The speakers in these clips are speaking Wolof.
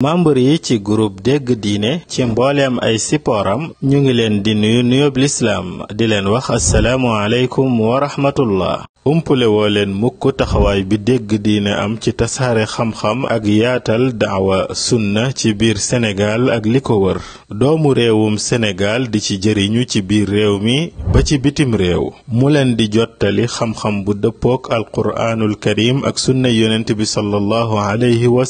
membre yi ci groupe dégg diine ci mbooleem ay sipooram ñu ngi leen di nuyu nuyób lislaam di leen wax asalaamu aleykum wa rahmatullah umpule woo leen mukk taxawaay bi dégg diine am ci tasaare xam-xam ak yaatal daawa sunna ci biir Sénégal ak li ko wër doomu réewum Sénégal di ci jëriñu ci biir réew mi ba ci bitim réew mu leen di jottali xam-xam bu dëppook alquraanul karim ak sunna yonent bi sallallahu alayhi wa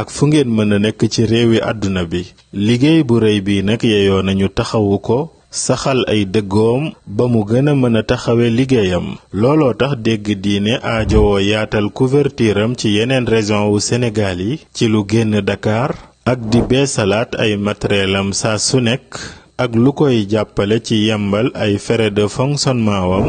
ak fu ngeen nekk ci réewi àdduna bi liggéey bu rëy bi nag yeyoo nañu taxawu ko saxal ay dëggoom ba mu gën a mën a taxawe liggéeyam looloo tax dégg diine aajowoo yaatal couverture ci yeneen région wu Sénégal yi ci lu génn dakaar ak di beesalaat ay matériel am saa su nekk ak lu koy jàppale ci yembal ay frais de fonctionnement wam